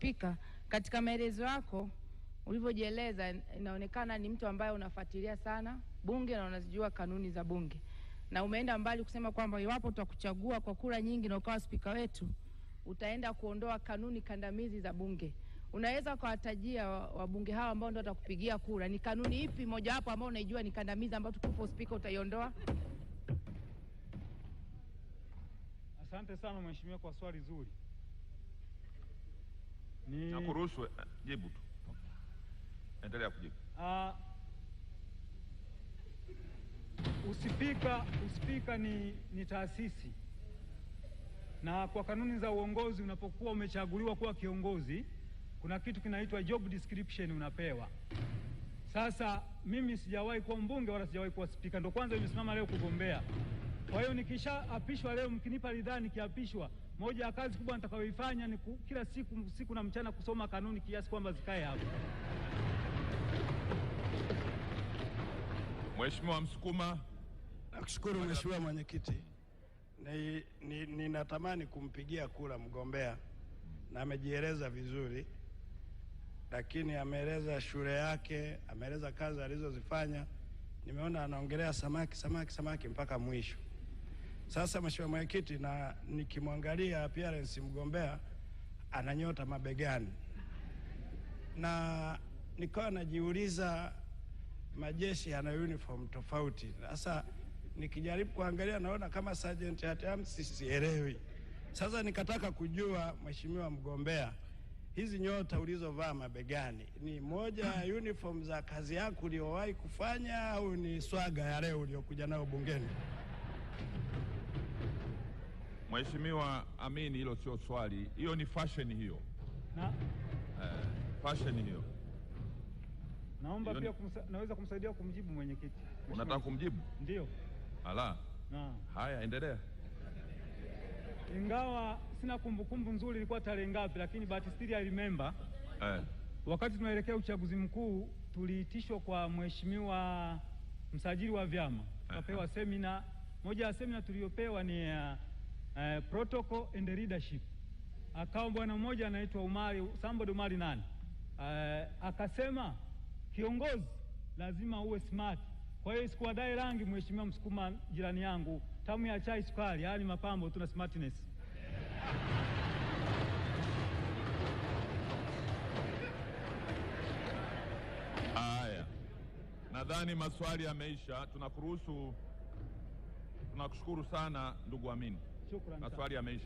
Spika, katika maelezo yako ulivyojieleza, inaonekana ni mtu ambaye unafuatilia sana bunge na unazijua kanuni za bunge, na umeenda mbali kusema kwamba iwapo tutakuchagua kwa kura nyingi na ukawa spika wetu, utaenda kuondoa kanuni kandamizi za bunge. Unaweza ukawatajia wabunge hawa ambao ndio watakupigia kura, ni kanuni ipi mojawapo ambao unaijua ni kandamizi ambayo tukupo spika utaiondoa? Asante sana mheshimiwa kwa swali zuri ni... nakuruhusu eh, jibu tu, endelea kujibu. Uh, uspika uspika ni, ni taasisi na kwa kanuni za uongozi unapokuwa umechaguliwa kuwa kiongozi kuna kitu kinaitwa job description unapewa. Sasa mimi sijawahi kuwa mbunge wala sijawahi kuwa spika, ndo kwanza nimesimama leo kugombea. Kwa hiyo nikishaapishwa leo, mkinipa ridhaa, nikiapishwa, moja ya kazi kubwa nitakayoifanya ni kila siku siku na mchana kusoma kanuni kiasi kwamba zikae hapo. Mheshimiwa Msukuma. Nakushukuru Mheshimiwa Mwenyekiti, ninatamani ni, ni kumpigia kura mgombea na amejieleza vizuri, lakini ameeleza shule yake, ameeleza kazi alizozifanya. Nimeona anaongelea samaki samaki samaki mpaka mwisho. Sasa Mheshimiwa Mwenyekiti, na nikimwangalia appearance mgombea ananyota mabegani, na nikawa najiuliza majeshi yana uniform tofauti. Sasa nikijaribu kuangalia naona kama sergeant at arms, sielewi. Sasa nikataka kujua Mheshimiwa mgombea, hizi nyota ulizovaa mabegani ni moja ya uniform za kazi yako uliyowahi kufanya au ni swaga ya leo uliyokuja nayo bungeni? Mheshimiwa Amini, hilo sio swali, hiyo ni fashion hiyo na? Eh, fashion hiyo. Naomba pia kumsa, naweza kumsaidia kumjibu mwenyekiti. Unataka kumjibu? Ndio. Ala. Na. Haya, endelea. Ingawa sina kumbukumbu nzuri ilikuwa tarehe ngapi, lakini bahati still I remember eh, wakati tunaelekea uchaguzi mkuu tuliitishwa kwa mheshimiwa msajili wa vyama tukapewa semina. Moja ya semina tuliyopewa ni uh, uh, protocol and leadership. Akawa bwana mmoja anaitwa Umari somebody Umari nani, uh, akasema kiongozi lazima uwe smart. Kwa hiyo isikuwadai rangi, mheshimiwa Msukuma jirani yangu, tamu ya chai sukari, yaani mapambo, tuna smartness Haya, nadhani maswali yameisha. Tunakuruhusu, tunakushukuru sana ndugu Amini. naturalmente